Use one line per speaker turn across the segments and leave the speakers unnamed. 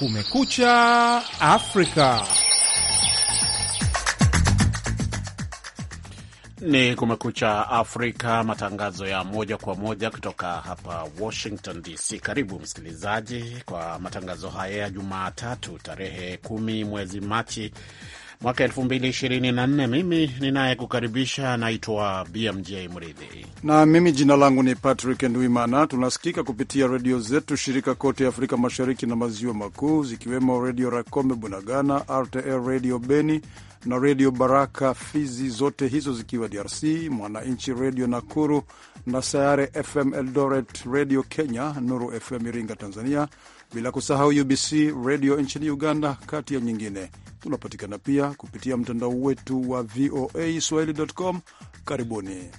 Kumekucha Afrika. Ni Kumekucha Afrika, matangazo ya moja kwa moja kutoka hapa Washington DC. Karibu msikilizaji kwa matangazo haya ya Jumatatu, tarehe kumi mwezi Machi mwaka 2024. Mimi ninayekukaribisha naitwa BMJ Mridhi
na mimi jina langu ni Patrick Ndwimana. Tunasikika kupitia redio zetu shirika kote Afrika Mashariki na Maziwa Makuu, zikiwemo Redio Racome Bunagana, RTL Redio Beni na Redio Baraka Fizi, zote hizo zikiwa DRC, Mwananchi Redio Nakuru na Sayare FM Eldoret, Redio Kenya, Nuru FM Iringa Tanzania, bila kusahau UBC redio nchini Uganda, kati ya nyingine. Tunapatikana pia kupitia mtandao wetu wa VOA swahili.com. Karibuni.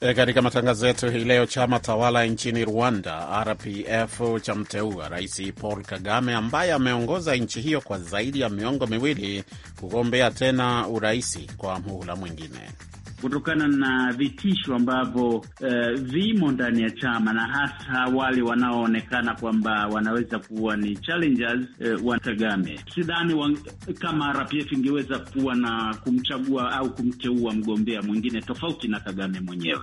E, katika matangazo yetu hii leo, chama tawala nchini Rwanda RPF chamteua Rais Paul Kagame ambaye ameongoza nchi hiyo kwa zaidi ya miongo miwili kugombea tena uraisi kwa muhula mwingine
kutokana na vitisho ambavyo eh, vimo ndani ya chama na hasa wale wanaoonekana kwamba wanaweza kuwa ni challengers eh, wa Kagame. Sidhani wa, kama RPF ingeweza kuwa na kumchagua au kumteua mgombea mwingine tofauti na Kagame mwenyewe.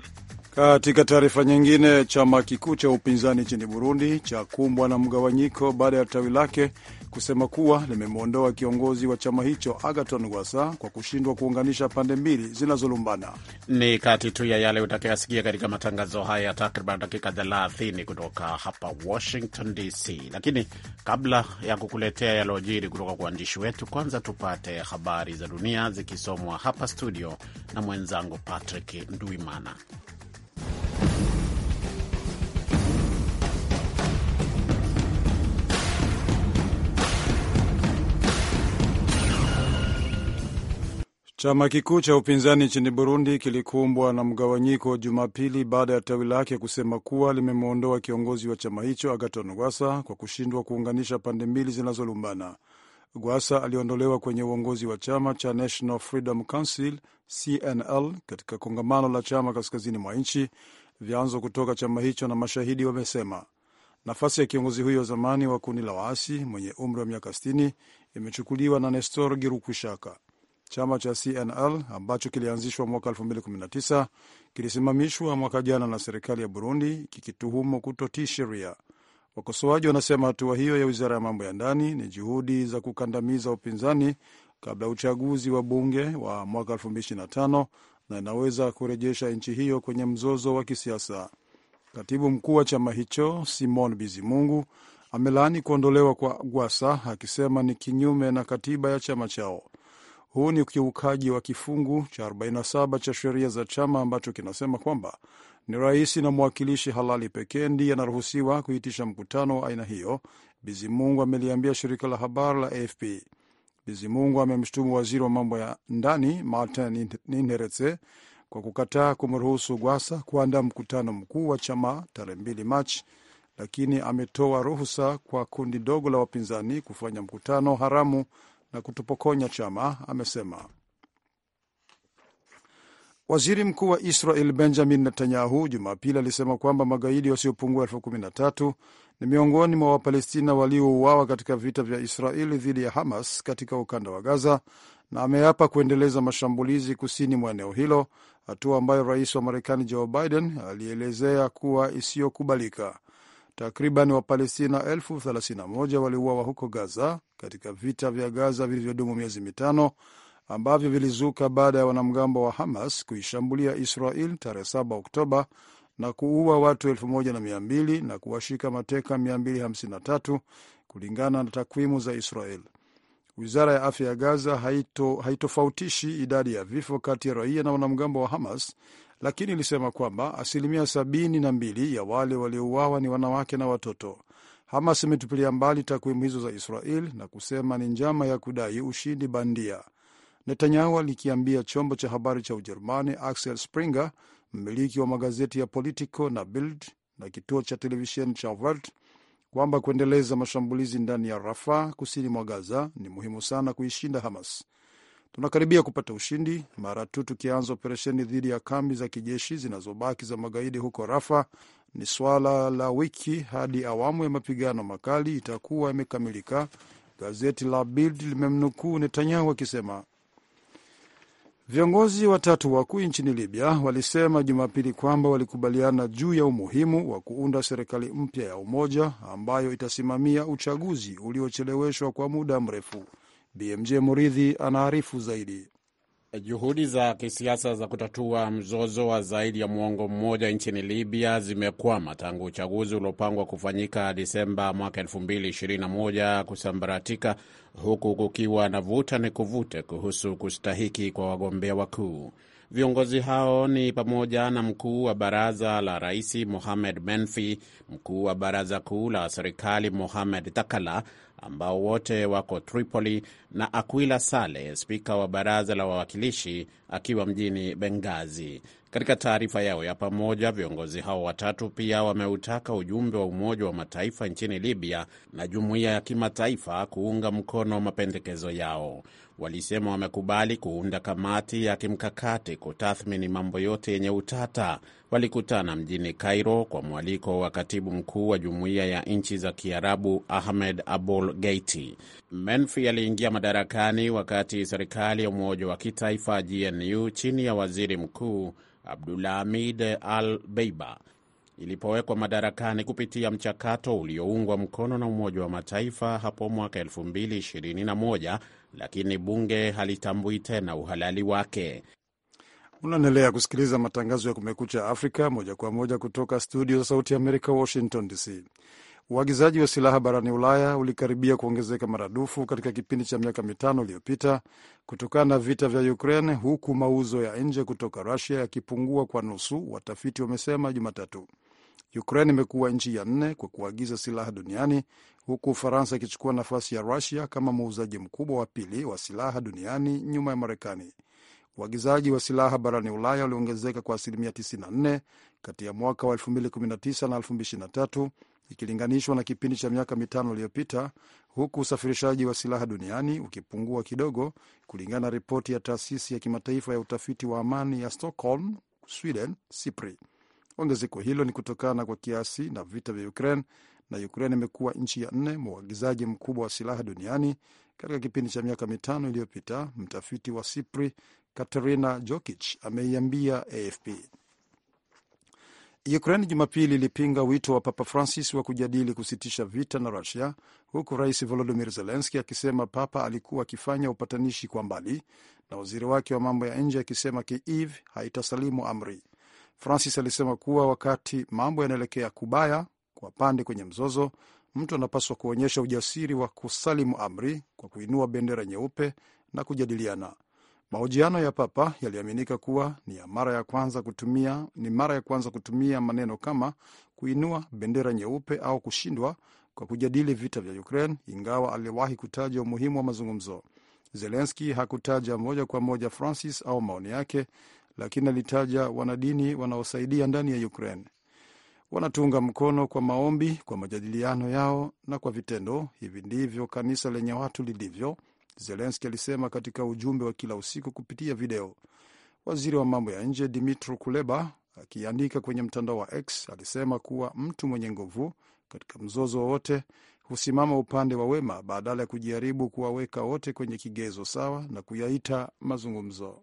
Katika taarifa nyingine, chama kikuu cha upinzani nchini Burundi cha kumbwa na mgawanyiko baada ya tawi lake kusema kuwa limemwondoa kiongozi wa chama hicho Agaton wasa kwa kushindwa kuunganisha pande mbili zinazolumbana.
Ni kati tu ya yale utakayasikia katika matangazo haya ya takriban dakika 30 kutoka hapa Washington DC, lakini kabla ya kukuletea yalojiri kutoka kwa waandishi wetu, kwanza tupate habari za dunia zikisomwa hapa studio na mwenzangu Patrick Nduimana.
Chama kikuu cha upinzani nchini Burundi kilikumbwa na mgawanyiko Jumapili baada ya tawi lake kusema kuwa limemwondoa kiongozi wa chama hicho Agaton Gwasa kwa kushindwa kuunganisha pande mbili zinazolumbana. Gwasa aliondolewa kwenye uongozi wa chama cha National Freedom Council CNL katika kongamano la chama kaskazini mwa nchi, vyanzo kutoka chama hicho na mashahidi wamesema. Nafasi ya kiongozi huyo zamani wa kundi la waasi mwenye umri wa miaka 60 imechukuliwa na Nestor Girukushaka. Chama cha CNL ambacho kilianzishwa mwaka 2019 kilisimamishwa mwaka jana na serikali ya Burundi kikituhumu kutotii sheria. Wakosoaji wanasema hatua hiyo ya wizara ya mambo ya ndani ni juhudi za kukandamiza upinzani kabla ya uchaguzi wa bunge wa mwaka 2025 na inaweza kurejesha nchi hiyo kwenye mzozo wa kisiasa. Katibu mkuu wa chama hicho Simon Bizimungu amelaani kuondolewa kwa Gwasa akisema ni kinyume na katiba ya chama chao. Huu ni ukiukaji wa kifungu cha 47 cha sheria za chama ambacho kinasema kwamba ni rais na mwakilishi halali pekee ndiye anaruhusiwa kuitisha mkutano wa aina hiyo, Bizimungu ameliambia shirika la habari la AFP. Bizimungu amemshutumu waziri wa mambo ya ndani Martin Nineretse kwa kukataa kumruhusu Gwasa kuandaa mkutano mkuu wa chama tarehe 2 Machi, lakini ametoa ruhusa kwa kundi dogo la wapinzani kufanya mkutano haramu na kutupokonya chama, amesema. Waziri mkuu wa Israel Benjamin Netanyahu Jumapili alisema kwamba magaidi wasiopungua elfu kumi na tatu ni miongoni mwa Wapalestina waliouawa katika vita vya Israeli dhidi ya Hamas katika ukanda wa Gaza na ameapa kuendeleza mashambulizi kusini mwa eneo hilo, hatua ambayo rais wa Marekani Joe Biden alielezea kuwa isiyokubalika. Takriban Wapalestina elfu 31 waliuawa huko Gaza katika vita vya Gaza vilivyodumu miezi mitano ambavyo vilizuka baada ya wanamgambo wa Hamas kuishambulia Israel tarehe 7 Oktoba na kuua watu 1200 na kuwashika mateka 253 kulingana na takwimu za Israel. Wizara ya afya ya Gaza haito, haitofautishi idadi ya vifo kati ya raia na wanamgambo wa Hamas lakini ilisema kwamba asilimia sabini na mbili ya wale waliouawa ni wanawake na watoto. Hamas imetupilia mbali takwimu hizo za Israel na kusema ni njama ya kudai ushindi bandia. Netanyahu alikiambia chombo cha habari cha Ujerumani Axel Springer, mmiliki wa magazeti ya Politico na Bild na kituo cha televisheni cha Welt kwamba kuendeleza mashambulizi ndani ya Rafa, kusini mwa Gaza, ni muhimu sana kuishinda Hamas. Tunakaribia kupata ushindi mara tu tukianza operesheni dhidi ya kambi za kijeshi zinazobaki za magaidi huko Rafa. Ni swala la wiki hadi awamu ya mapigano makali itakuwa imekamilika, gazeti la Bild limemnukuu Netanyahu akisema. Viongozi watatu wakuu nchini Libya walisema Jumapili kwamba walikubaliana juu ya umuhimu wa kuunda serikali mpya ya umoja ambayo itasimamia uchaguzi uliocheleweshwa kwa muda mrefu. BMJ Muridhi anaarifu zaidi.
Juhudi za kisiasa za kutatua mzozo wa zaidi ya mwongo mmoja nchini Libya zimekwama tangu uchaguzi uliopangwa kufanyika Disemba mwaka 2021 kusambaratika, huku kukiwa na vuta ni kuvute kuhusu kustahiki kwa wagombea wakuu. Viongozi hao ni pamoja na mkuu wa baraza la rais Mohamed Menfi, mkuu wa baraza kuu la serikali Mohamed Takala, ambao wote wako Tripoli na Aquila sale spika wa baraza la wawakilishi, akiwa mjini bengazi Katika taarifa yao ya pamoja, viongozi hao watatu pia wameutaka ujumbe wa Umoja wa Mataifa nchini Libya na jumuiya ya kimataifa kuunga mkono mapendekezo yao walisema wamekubali kuunda kamati ya kimkakati kutathmini mambo yote yenye utata. Walikutana mjini Cairo kwa mwaliko wa katibu mkuu wa jumuiya ya nchi za Kiarabu Ahmed Abul Geiti. Menfi aliingia madarakani wakati serikali ya umoja wa kitaifa GNU chini ya waziri mkuu Abdulhamid Al Beiba ilipowekwa madarakani kupitia mchakato ulioungwa mkono na Umoja wa Mataifa hapo mwaka 2021, lakini bunge halitambui tena uhalali wake.
Unaendelea kusikiliza matangazo ya Kumekucha Afrika moja kwa moja kutoka studio za Sauti ya Amerika, Washington DC. Uagizaji wa silaha barani Ulaya ulikaribia kuongezeka maradufu katika kipindi cha miaka mitano iliyopita kutokana na vita vya Ukraine, huku mauzo ya nje kutoka Rusia yakipungua kwa nusu, watafiti wamesema Jumatatu. Ukraine imekuwa nchi ya nne kwa kuagiza silaha duniani huku Ufaransa ikichukua nafasi ya Rusia kama muuzaji mkubwa wa pili wa silaha duniani nyuma ya Marekani. Uagizaji wa silaha barani Ulaya uliongezeka kwa asilimia 94 kati ya mwaka wa 2019 na 2023 ikilinganishwa na kipindi cha miaka mitano iliyopita, huku usafirishaji wa silaha duniani ukipungua kidogo, kulingana na ripoti ya taasisi ya kimataifa ya utafiti wa amani ya Stockholm, Sweden, SIPRI. Ongezeko hilo ni kutokana kwa kiasi na vita vya Ukraine na Ukraine imekuwa nchi ya nne mwagizaji mkubwa wa silaha duniani katika kipindi cha miaka mitano iliyopita, mtafiti wa SIPRI Katerina Jokich ameiambia AFP. Ukraine Jumapili ilipinga wito wa Papa Francis wa kujadili kusitisha vita na Rusia, huku Rais Volodimir Zelenski akisema Papa alikuwa akifanya upatanishi kwa mbali na waziri wake wa mambo ya nje akisema Kiev haitasalimu amri. Francis alisema kuwa wakati mambo yanaelekea kubaya kwa pande kwenye mzozo, mtu anapaswa kuonyesha ujasiri wa kusalimu amri kwa kuinua bendera nyeupe na kujadiliana. Mahojiano ya Papa yaliaminika kuwa ni ya mara ya kwanza kutumia, ni mara ya kwanza kutumia maneno kama kuinua bendera nyeupe au kushindwa kwa kujadili vita vya Ukraine, ingawa aliwahi kutaja umuhimu wa mazungumzo. Zelenski hakutaja moja kwa moja Francis au maoni yake, lakini alitaja wanadini wanaosaidia ndani ya Ukraine. Wanatuunga mkono kwa maombi, kwa majadiliano yao na kwa vitendo. Hivi ndivyo kanisa lenye watu lilivyo, Zelenski alisema katika ujumbe wa kila usiku kupitia video. Waziri wa mambo ya nje Dimitro Kuleba akiandika kwenye mtandao wa X alisema kuwa mtu mwenye nguvu katika mzozo wowote husimama upande wa wema badala ya kujaribu kuwaweka wote kwenye kigezo sawa na kuyaita mazungumzo.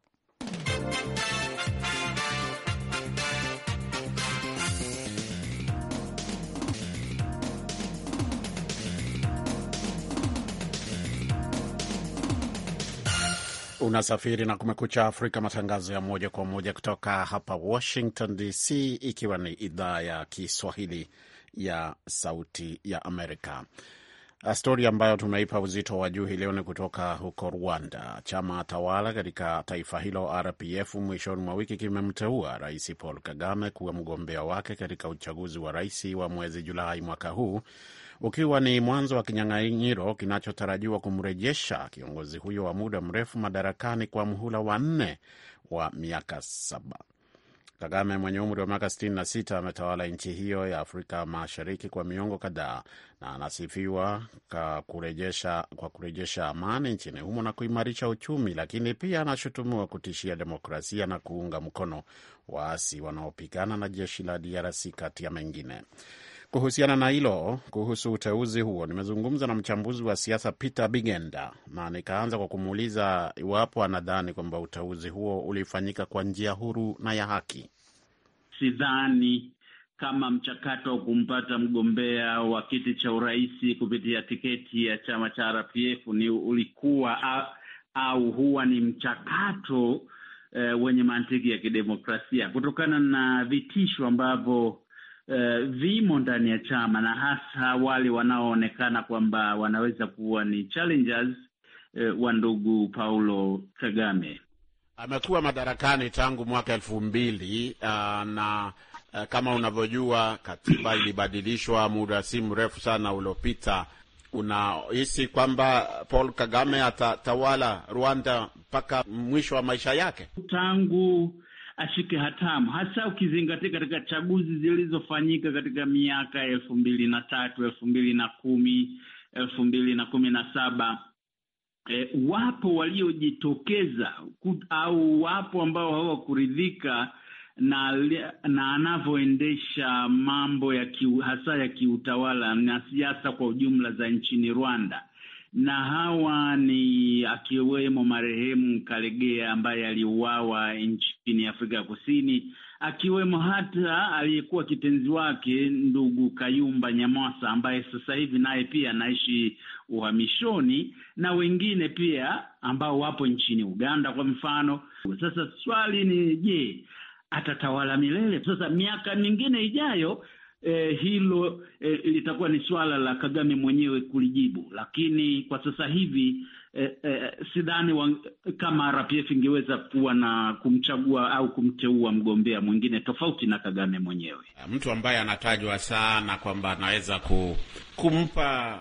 Unasafiri na Kumekucha Afrika, matangazo ya moja kwa moja kutoka hapa Washington DC, ikiwa ni idhaa ya Kiswahili ya Sauti ya Amerika. Ah, stori ambayo tumeipa uzito wa juu hii leo ni kutoka huko Rwanda. Chama tawala katika taifa hilo RPF mwishoni mwa wiki kimemteua Rais Paul Kagame kuwa mgombea wake katika uchaguzi wa rais wa mwezi Julai mwaka huu ukiwa ni mwanzo wa kinyang'anyiro kinachotarajiwa kumrejesha kiongozi huyo wa muda mrefu madarakani kwa mhula wa nne wa miaka saba. Kagame mwenye umri wa miaka 66 ametawala nchi hiyo ya Afrika Mashariki kwa miongo kadhaa na anasifiwa kwa kurejesha, kwa kurejesha amani nchini humo na kuimarisha uchumi, lakini pia anashutumiwa kutishia demokrasia na kuunga mkono waasi wanaopigana na jeshi la DRC kati ya mengine. Kuhusiana na hilo, kuhusu uteuzi huo, nimezungumza na mchambuzi wa siasa Peter Bigenda na nikaanza kwa kumuuliza iwapo anadhani kwamba uteuzi huo ulifanyika kwa njia huru na ya haki.
Sidhani kama mchakato wa kumpata mgombea wa kiti cha urais kupitia tiketi ya chama cha RPF ni ulikuwa au, huwa ni mchakato uh, wenye mantiki ya kidemokrasia kutokana na vitisho ambavyo uh, vimo ndani ya chama na hasa wale wanaoonekana kwamba wanaweza kuwa ni challengers uh, wa ndugu Paulo Kagame.
Amekuwa madarakani tangu mwaka elfu mbili uh, na uh, kama unavyojua katiba ilibadilishwa muda si mrefu sana uliopita. Unahisi kwamba Paul Kagame atatawala Rwanda mpaka mwisho wa maisha yake?
Tangu ashike hatamu, hasa ukizingatia katika chaguzi zilizofanyika katika miaka elfu mbili na tatu elfu mbili na kumi elfu mbili na kumi na saba E, wapo waliojitokeza au wapo ambao hawakuridhika na na anavyoendesha mambo ya kiu, hasa ya kiutawala na siasa kwa ujumla za nchini Rwanda na hawa ni akiwemo marehemu Kalegea ambaye aliuawa nchini Afrika ya Kusini, akiwemo hata aliyekuwa kitenzi wake ndugu Kayumba Nyamwasa ambaye sasa hivi naye pia anaishi uhamishoni na wengine pia ambao wapo nchini Uganda kwa mfano. Sasa swali ni je, atatawala milele? Sasa miaka mingine ijayo eh, hilo eh, litakuwa ni swala la Kagame mwenyewe kulijibu, lakini kwa sasa hivi eh, eh, sidhani wang, kama RPF ingeweza kuwa na kumchagua au kumteua mgombea mwingine
tofauti na Kagame mwenyewe, mtu ambaye anatajwa sana kwamba anaweza kumpa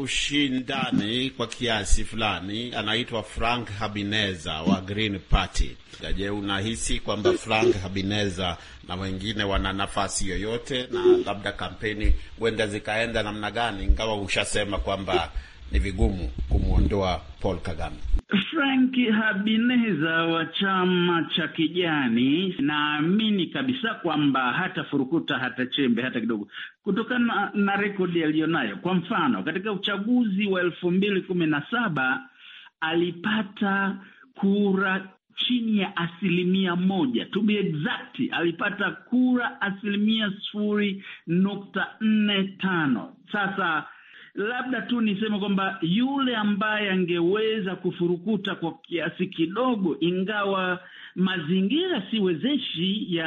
ushindani kwa kiasi fulani. Anaitwa Frank Habineza wa Green Party. Je, unahisi kwamba Frank Habineza na wengine wana nafasi yoyote, na labda kampeni huenda zikaenda namna gani, ingawa ushasema kwamba ni vigumu kumwondoa Paul Kagame?
Frank Habineza wa chama cha kijani, naamini kabisa kwamba hata furukuta hata chembe hata kidogo, kutokana na, na rekodi aliyonayo. Kwa mfano katika uchaguzi wa elfu mbili kumi na saba alipata kura chini ya asilimia moja, to be exact, alipata kura asilimia sifuri nukta nne tano. Sasa labda tu niseme kwamba yule ambaye angeweza kufurukuta kwa kiasi kidogo, ingawa mazingira siwezeshi ya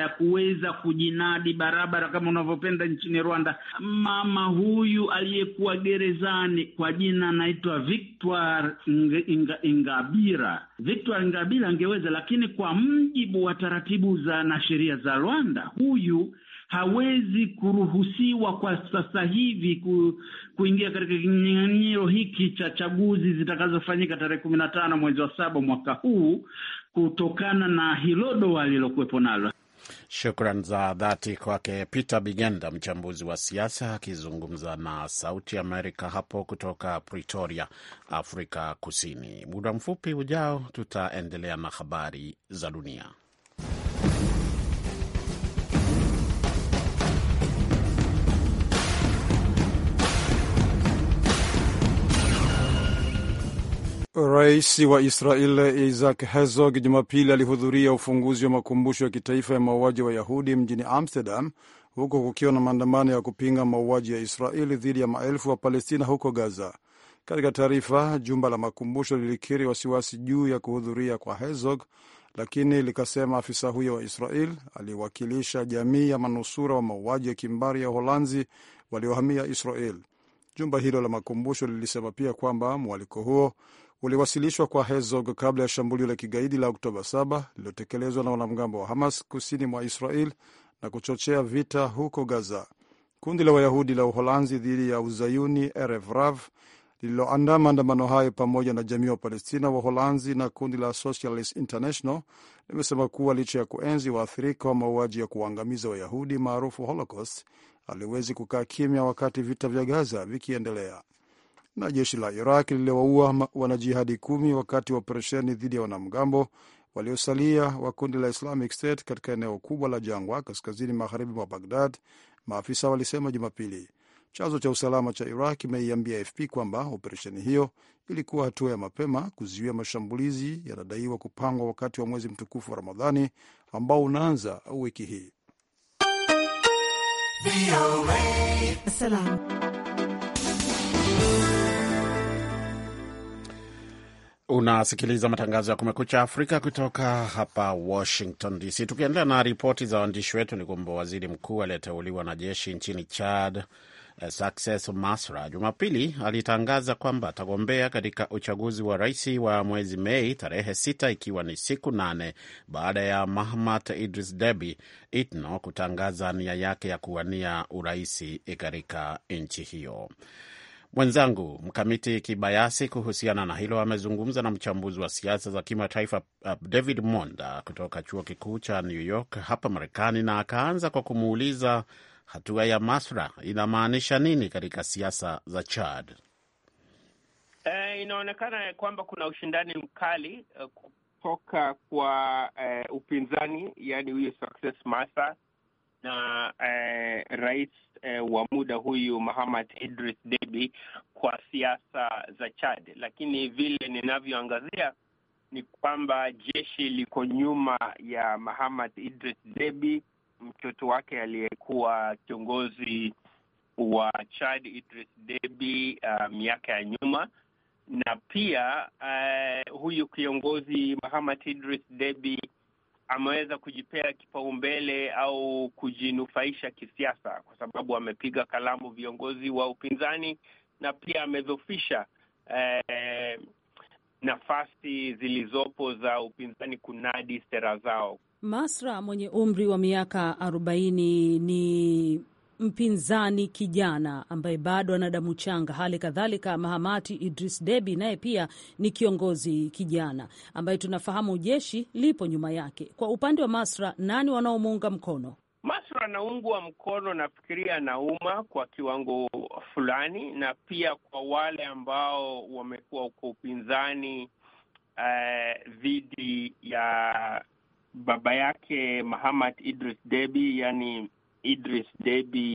ya kuweza kujinadi barabara kama unavyopenda nchini Rwanda, mama huyu aliyekuwa gerezani kwa jina anaitwa Victor ngabira Ingabira Victor Ingabira angeweza, lakini kwa mjibu wa taratibu za na sheria za Rwanda huyu hawezi kuruhusiwa kwa sasa hivi ku, kuingia katika kinyang'anyiro hiki cha chaguzi zitakazofanyika tarehe kumi na tano mwezi wa saba mwaka huu kutokana na hilo doa alilokuwepo nalo.
Shukran za dhati kwake Peter Bigenda, mchambuzi wa siasa akizungumza na Sauti Amerika hapo kutoka Pretoria, Afrika Kusini. Muda mfupi ujao, tutaendelea na habari za dunia.
Rais wa Israel Isaac Herzog Jumapili alihudhuria ufunguzi wa makumbusho ya kitaifa ya mauaji wa Yahudi mjini Amsterdam, huku kukiwa na maandamano ya kupinga mauaji ya Israeli dhidi ya maelfu wa Palestina huko Gaza. Katika taarifa, jumba la makumbusho lilikiri wasiwasi juu ya kuhudhuria kwa Herzog, lakini likasema afisa huyo wa Israel aliwakilisha jamii ya manusura wa mauaji ya kimbari ya Uholanzi waliohamia Israel. Jumba hilo la makumbusho lilisema pia kwamba mwaliko huo uliwasilishwa kwa Herzog kabla ya shambulio la kigaidi la Oktoba 7 lililotekelezwa na wanamgambo wa Hamas kusini mwa Israel na kuchochea vita huko Gaza. Kundi la Wayahudi la Uholanzi dhidi ya Uzayuni Erev Rav lililoandaa maandamano hayo pamoja na jamii wa Palestina wa Uholanzi na kundi la Socialist International limesema kuwa licha ya kuenzi waathirika wa mauaji ya kuwaangamiza Wayahudi maarufu Holocaust, haliwezi kukaa kimya wakati vita vya Gaza vikiendelea na jeshi la Iraq liliwaua wanajihadi kumi wakati wa operesheni dhidi ya wanamgambo waliosalia wa kundi la Islamic State katika eneo kubwa la jangwa kaskazini magharibi mwa Bagdad, maafisa walisema Jumapili. Chanzo cha usalama cha Iraq kimeiambia AFP kwamba operesheni hiyo ilikuwa hatua ya mapema kuzuia mashambulizi yanadaiwa kupangwa wakati wa mwezi mtukufu wa Ramadhani ambao unaanza wiki hii.
Unasikiliza matangazo ya Kumekucha Afrika kutoka hapa Washington DC. Tukiendelea na ripoti za waandishi wetu, ni kwamba waziri mkuu aliyeteuliwa na jeshi nchini Chad, eh, Success Masra, Jumapili alitangaza kwamba atagombea katika uchaguzi wa rais wa mwezi Mei tarehe sita ikiwa ni siku nane baada ya Mahamat Idris Deby Itno kutangaza nia yake ya kuwania uraisi katika nchi hiyo. Mwenzangu Mkamiti Kibayasi kuhusiana na hilo amezungumza na mchambuzi wa siasa za kimataifa uh, David Monda kutoka chuo kikuu cha New York hapa Marekani, na akaanza kwa kumuuliza hatua ya Masra inamaanisha nini katika siasa za Chad.
Eh, inaonekana kwamba kuna ushindani mkali eh, kutoka kwa eh, upinzani, yani huyo Success Masra na eh, rais eh, wa muda huyu Mahamad Idris Deby kwa siasa za Chad, lakini vile ninavyoangazia ni kwamba jeshi liko nyuma ya Mahamad Idris Deby, mtoto wake aliyekuwa kiongozi wa Chad Idris Deby uh, miaka ya nyuma na pia uh, huyu kiongozi Mahamad Idris Deby ameweza kujipea kipaumbele au kujinufaisha kisiasa, kwa sababu amepiga kalamu viongozi wa upinzani na pia amedhofisha eh, nafasi zilizopo za upinzani kunadi sera zao.
Masra mwenye umri wa miaka arobaini ni mpinzani kijana ambaye bado ana damu changa. Hali kadhalika Mahamati Idris Debi naye pia ni kiongozi kijana ambaye tunafahamu jeshi lipo nyuma yake. Kwa upande wa Masra, nani wanaomuunga mkono?
Masra anaungwa mkono, nafikiria na umma kwa kiwango fulani, na pia kwa wale ambao wamekuwa kwa upinzani eh, dhidi uh, ya baba yake Mahamad Idris Debi, yani Idris Deby,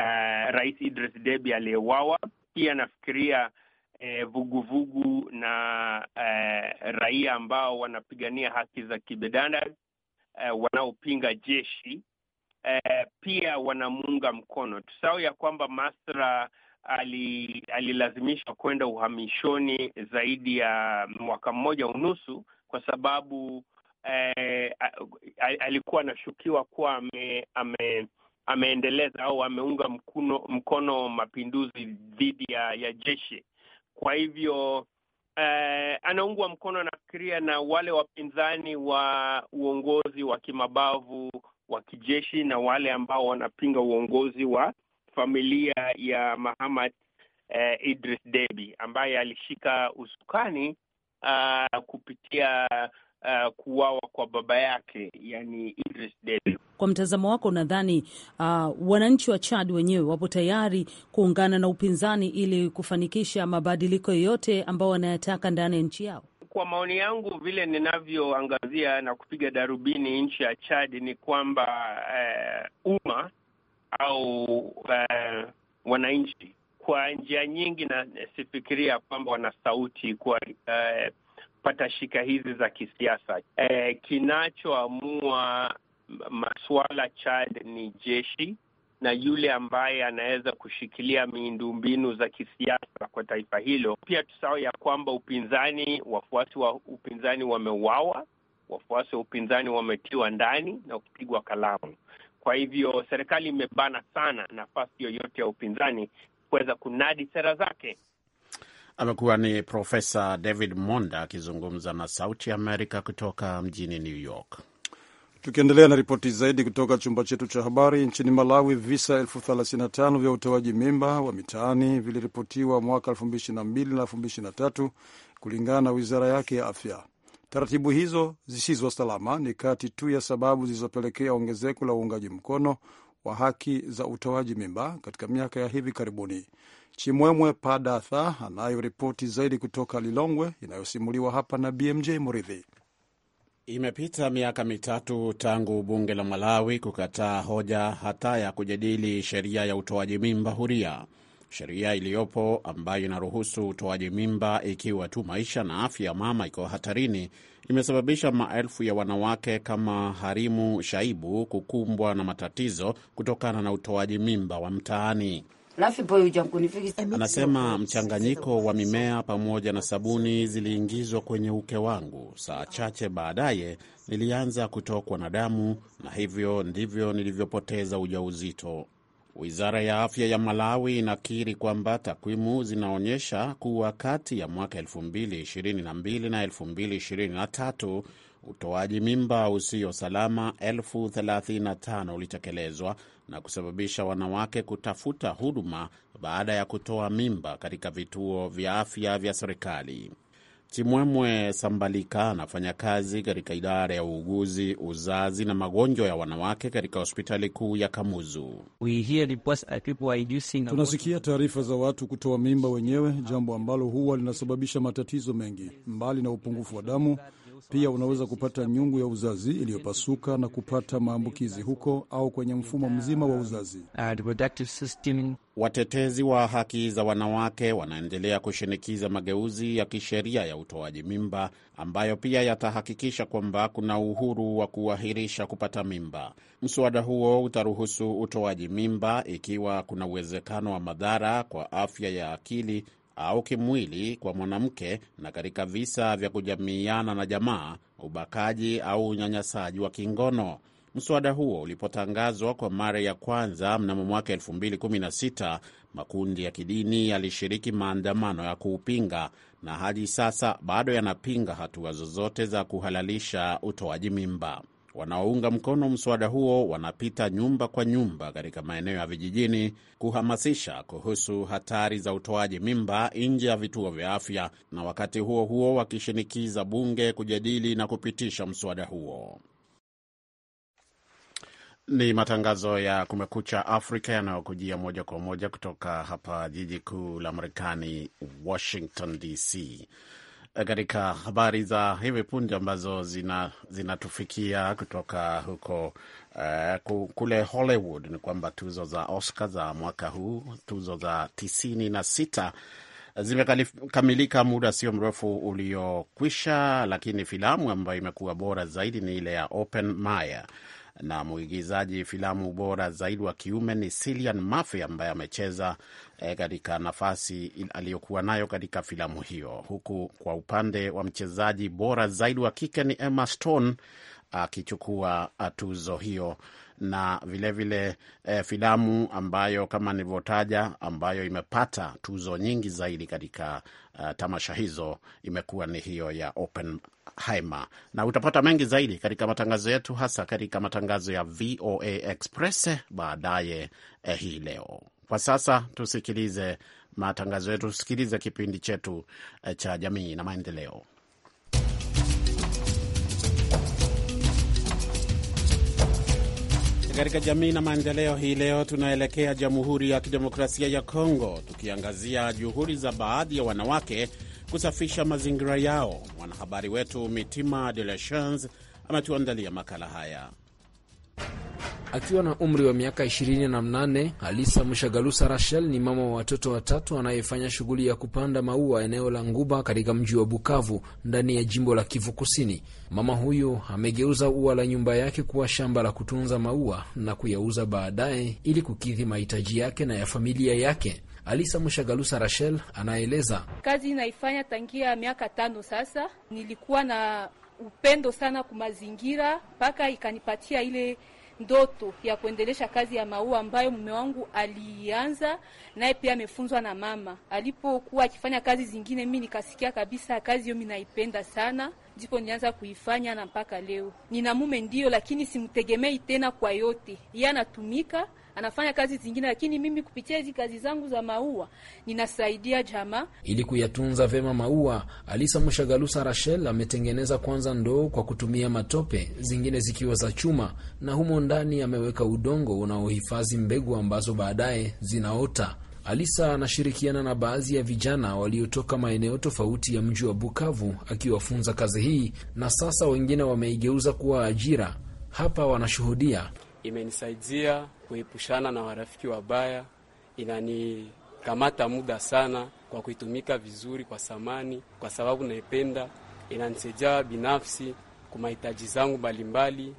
uh, Rais Idris Deby aliyeuawa. Pia nafikiria eh, vuguvugu eh, vugu na eh, raia ambao wanapigania haki za kibinadamu eh, wanaopinga jeshi eh, pia wanamuunga mkono. Tusahau ya kwamba Masra alilazimishwa kwenda uhamishoni zaidi ya mwaka mmoja unusu kwa sababu eh, alikuwa anashukiwa kuwa ame, ame, ameendeleza au ameunga mkono, mkono mapinduzi dhidi ya, ya jeshi. Kwa hivyo eh, anaungwa mkono nafikiria na wale wapinzani wa uongozi wa kimabavu wa kijeshi na wale ambao wanapinga uongozi wa familia ya Mahamad eh, Idris Deby ambaye alishika usukani uh, kupitia uh, kuwawa kwa baba yake, yani Idris
Deby. Kwa mtazamo wako, unadhani uh, wananchi wa Chad wenyewe wapo tayari kuungana na upinzani ili kufanikisha mabadiliko yoyote ambao wanayataka ndani ya nchi yao.
Kwa maoni yangu, vile ninavyoangazia na kupiga darubini nchi ya Chad ni kwamba uh, umma au uh, wananchi kwa njia nyingi, na sifikiria kwamba wana sauti kwa uh, patashika hizi za kisiasa. E, kinachoamua masuala Chad ni jeshi na yule ambaye anaweza kushikilia miundombinu za kisiasa kwa taifa hilo. Pia tusahau ya kwamba upinzani, wafuasi wa upinzani wameuawa, wafuasi wa upinzani wametiwa ndani na kupigwa kalamu. Kwa hivyo serikali imebana sana nafasi yoyote ya upinzani kuweza kunadi sera zake
Amekuwa ni Profesa David Monda akizungumza na Sauti Amerika kutoka mjini New York.
Tukiendelea na ripoti zaidi kutoka chumba chetu cha habari, nchini Malawi visa 35 vya utoaji mimba wa mitaani viliripotiwa mwaka 2022 na 2023 kulingana na wizara yake ya afya. Taratibu hizo zisizo salama ni kati tu ya sababu zilizopelekea ongezeko la uungaji mkono wa haki za utoaji mimba katika miaka ya hivi karibuni. Chimwemwe Padatha anayo ripoti zaidi kutoka Lilongwe inayosimuliwa hapa na BMJ Muridhi. Imepita miaka mitatu tangu bunge la
Malawi kukataa hoja hata ya kujadili sheria ya utoaji mimba huria. Sheria iliyopo ambayo inaruhusu utoaji mimba ikiwa tu maisha na afya ya mama iko hatarini imesababisha maelfu ya wanawake kama Harimu Shaibu kukumbwa na matatizo kutokana na utoaji mimba wa mtaani.
Anasema
mchanganyiko wa mimea pamoja na sabuni ziliingizwa kwenye uke wangu. Saa chache baadaye nilianza kutokwa na damu, na hivyo ndivyo nilivyopoteza ujauzito. Wizara ya afya ya Malawi inakiri kwamba takwimu zinaonyesha kuwa kati ya mwaka 2022 na 2023 Utoaji mimba usio salama elfu 35 ulitekelezwa na kusababisha wanawake kutafuta huduma baada ya kutoa mimba katika vituo vya afya vya serikali. Chimwemwe Sambalika anafanya kazi katika idara ya uuguzi, uzazi na magonjwa ya wanawake katika hospitali kuu ya Kamuzu. Uh, Tunasikia
taarifa za watu kutoa mimba wenyewe, jambo ambalo huwa linasababisha matatizo mengi. Mbali na upungufu wa damu, pia unaweza kupata nyungu ya uzazi iliyopasuka na kupata maambukizi huko au kwenye mfumo mzima wa uzazi. Uh,
Watetezi wa haki za wanawake wanaendelea kushinikiza mageuzi ya kisheria ya utoaji mimba ambayo pia yatahakikisha kwamba kuna uhuru wa kuahirisha kupata mimba. Mswada huo utaruhusu utoaji mimba ikiwa kuna uwezekano wa madhara kwa afya ya akili au kimwili kwa mwanamke na katika visa vya kujamiiana na jamaa, ubakaji au unyanyasaji wa kingono. Mswada huo ulipotangazwa kwa mara ya kwanza mnamo mwaka 2016 makundi ya kidini yalishiriki maandamano ya kuupinga na hadi sasa bado yanapinga hatua zozote za kuhalalisha utoaji mimba. Wanaounga mkono mswada huo wanapita nyumba kwa nyumba katika maeneo ya vijijini kuhamasisha kuhusu hatari za utoaji mimba nje ya vituo vya afya, na wakati huo huo wakishinikiza bunge kujadili na kupitisha mswada huo. Ni matangazo ya Kumekucha Afrika yanayokujia moja kwa moja kutoka hapa jiji kuu la Marekani, Washington DC katika habari za hivi punde ambazo zinatufikia zina kutoka huko uh, kule Hollywood ni kwamba tuzo za Oscar za mwaka huu tuzo za tisini na sita eh, zimekamilika muda sio mrefu uliokwisha, lakini filamu ambayo imekuwa bora zaidi ni ile ya Oppenheimer na mwigizaji filamu bora zaidi wa kiume ni Cillian Murphy ambaye amecheza e, katika nafasi aliyokuwa nayo katika filamu hiyo, huku kwa upande wa mchezaji bora zaidi wa kike ni Emma Stone akichukua ah, tuzo hiyo na vilevile vile, e, filamu ambayo kama nilivyotaja ambayo imepata tuzo nyingi zaidi katika uh, tamasha hizo imekuwa ni hiyo ya Open, Haima, na utapata mengi zaidi katika matangazo yetu, hasa katika matangazo ya VOA Express baadaye eh, hii leo. Kwa sasa tusikilize matangazo yetu, tusikilize kipindi chetu eh, cha jamii na maendeleo. Katika jamii na maendeleo hii leo tunaelekea Jamhuri ya Kidemokrasia ya Kongo tukiangazia juhudi za baadhi ya wanawake kusafisha mazingira yao. Mwanahabari wetu Mitima De La Chans ametuandalia makala haya.
Akiwa na umri wa miaka 28 alisa Mshagalusa Rachel ni mama wa watoto watatu anayefanya shughuli ya kupanda maua eneo la Nguba katika mji wa Bukavu ndani ya jimbo la Kivu Kusini. Mama huyu amegeuza ua la nyumba yake kuwa shamba la kutunza maua na kuyauza baadaye ili kukidhi mahitaji yake na ya familia yake. Alisa Mushagalusa Rachel anaeleza
kazi inaifanya tangia miaka tano sasa. Nilikuwa na upendo sana kumazingira mpaka ikanipatia ile ndoto ya kuendelesha kazi ya maua ambayo mume wangu alianza naye pia amefunzwa na mama alipokuwa akifanya kazi zingine. mimi nikasikia kabisa kazi hiyo minaipenda naipenda sana, ndipo nilianza kuifanya na mpaka leo nina mume ndio, lakini simtegemei tena kwa yote, yeye anatumika anafanya kazi zingine, lakini mimi kupitia hizi kazi zangu za maua ninasaidia jamaa
ili kuyatunza vema maua. Alisa Mshagalusa Rachel ametengeneza kwanza ndoo kwa kutumia matope, zingine zikiwa za chuma, na humo ndani ameweka udongo unaohifadhi mbegu ambazo baadaye zinaota. Alisa anashirikiana na baadhi ya vijana waliotoka maeneo tofauti ya mji wa Bukavu akiwafunza kazi hii, na sasa wengine wameigeuza kuwa ajira. Hapa wanashuhudia, imenisaidia kuepushana na warafiki wabaya. Inanikamata muda sana kwa kuitumika vizuri kwa samani, kwa sababu naipenda, inanisaidia binafsi kwa mahitaji zangu mbalimbali.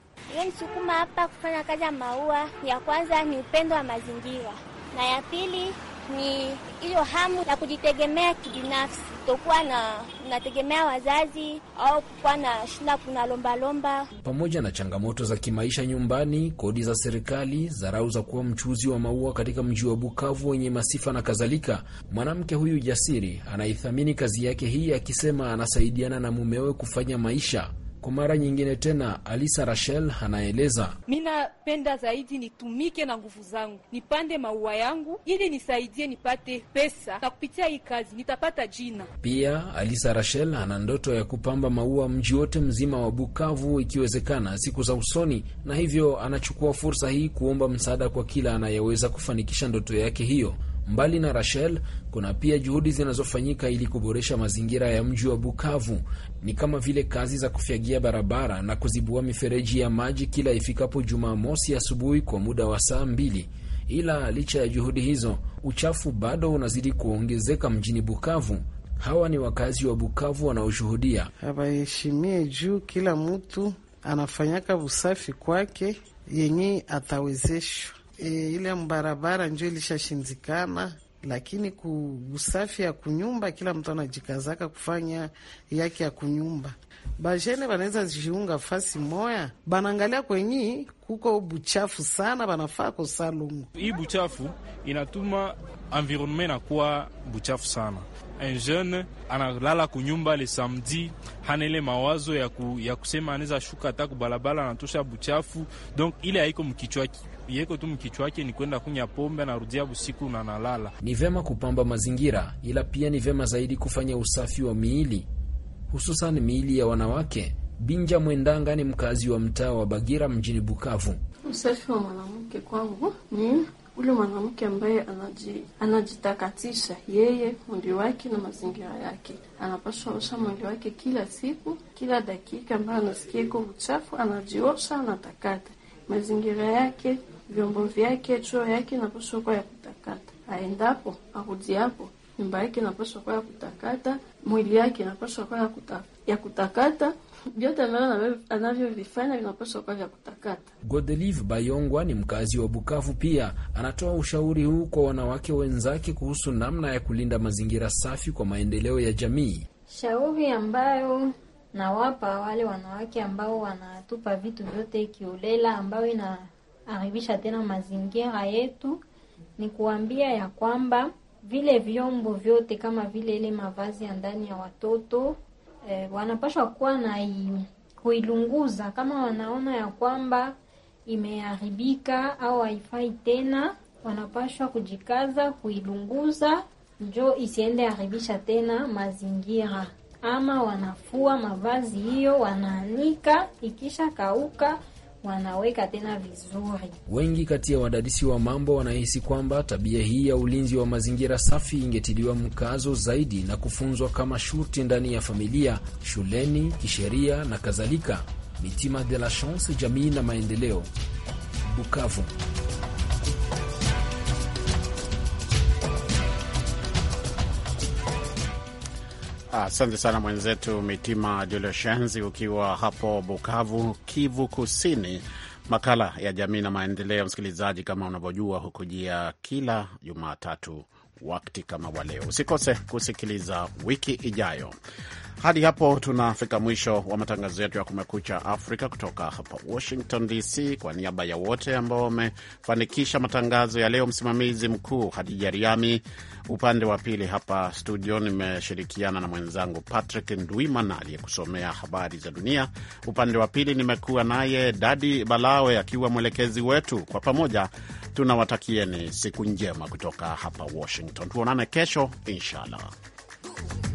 nisukuma yaani hapa kufanya kazi ya maua, ya kwanza ni upendo wa mazingira na ya pili ni hiyo hamu ya kujitegemea kibinafsi, kutokuwa na unategemea wazazi au kukuwa na shina kuna lombalomba.
Pamoja na changamoto za kimaisha nyumbani, kodi za serikali, dharau za kuwa mchuzi wa maua katika mji wa Bukavu wenye masifa na kadhalika, mwanamke huyu jasiri anaithamini kazi yake hii, akisema anasaidiana na mumewe kufanya maisha kwa mara nyingine tena, Alisa Rachel anaeleza,
minapenda zaidi nitumike na nguvu zangu, nipande maua yangu ili nisaidie nipate pesa, na kupitia hii kazi nitapata jina
pia. Alisa Rachel ana ndoto ya kupamba maua mji wote mzima wa Bukavu, ikiwezekana siku za usoni, na hivyo anachukua fursa hii kuomba msaada kwa kila anayeweza kufanikisha ndoto yake hiyo. Mbali na Rachel, kuna pia juhudi zinazofanyika ili kuboresha mazingira ya mji wa Bukavu, ni kama vile kazi za kufyagia barabara na kuzibua mifereji ya maji kila ifikapo Jumamosi asubuhi kwa muda wa saa mbili. Ila licha ya juhudi hizo, uchafu bado unazidi kuongezeka mjini Bukavu. Hawa ni wakazi wa Bukavu wanaoshuhudia. Habaheshimie juu kila mtu anafanyaka usafi kwake
yenye atawezeshwa e, ile mbarabara njo ilishashindikana, lakini kuusafi ya kunyumba kila mtu anajikazaka kufanya yake ya kunyumba. Bajene banaweza jiunga fasi moya, banaangalia kwenyi kuko buchafu sana, banafaa kosalungu.
Hii buchafu
inatuma
environnement inakuwa buchafu sana. Un jeune analala kunyumba le samedi, hana ile mawazo ya, ku, ya kusema anaweza shuka hata kubalabala, anatosha buchafu, donc ile haiko mkichwaki yeko tu mkichwa wake ni kwenda kunya pombe, anarudia
usiku na analala. Ni vema kupamba mazingira, ila pia ni vema zaidi kufanya usafi wa miili, hususan miili ya wanawake. Binja Mwendanga ni mkazi wa mtaa wa Bagira mjini Bukavu.
Usafi wa mwanamke kwangu ni ule mwanamke ambaye anaji, anajitakatisha yeye mwili wake na mazingira yake. Anapaswa osha mwili wake kila siku, kila dakika ambayo anasikia iko uchafu, anajiosha, anatakata mazingira yake vyombo vyake, choo yake inapaswa kuwa ya kutakata, aendapo arudiapo, nyumba yake inapaswa kuwa ya kutakata, mwili yake inapaswa kuwa ya, kuta, ya kutakata vyote ambavyo anavyovifanya vinapaswa kuwa vya kutakata.
Godelive Bayongwa ni mkazi wa Bukavu. Pia anatoa ushauri huu kwa wanawake wenzake kuhusu namna ya kulinda mazingira safi kwa maendeleo ya jamii. Shauri ambayo nawapa wale wanawake ambao wanatupa vitu vyote kiolela, ambayo ina aribisha tena mazingira yetu, ni kuambia ya kwamba vile vyombo vyote kama vile ile mavazi ya ndani ya watoto eh, wanapashwa kuwa na kuilunguza kama wanaona ya kwamba imeharibika au haifai tena, wanapashwa kujikaza kuilunguza njo isiende haribisha tena mazingira, ama wanafua mavazi hiyo wanaanika, ikisha kauka wanaweka tena vizuri. Wengi kati ya wadadisi wa mambo wanahisi kwamba tabia hii ya ulinzi wa mazingira safi ingetiliwa mkazo zaidi na kufunzwa kama shurti ndani ya familia, shuleni, kisheria na kadhalika. Mitima de la Chance, jamii na maendeleo, Bukavu.
Asante sana mwenzetu Mitima Dioloshenzi, ukiwa hapo Bukavu, Kivu Kusini. Makala ya jamii na maendeleo, msikilizaji, kama unavyojua hukujia kila Jumatatu wakati kama wa leo. Usikose kusikiliza wiki ijayo. Hadi hapo tunafika mwisho wa matangazo yetu ya Kumekucha Afrika kutoka hapa Washington DC. Kwa niaba ya wote ambao wamefanikisha matangazo ya leo, msimamizi mkuu Hadija Riami, upande wa pili hapa studio nimeshirikiana na mwenzangu Patrick Ndwimana aliyekusomea habari za dunia. Upande wa pili nimekuwa naye Dadi Balawe akiwa mwelekezi wetu. Kwa pamoja tunawatakieni siku njema kutoka hapa Washington. Washington. Tuonane kesho inshallah.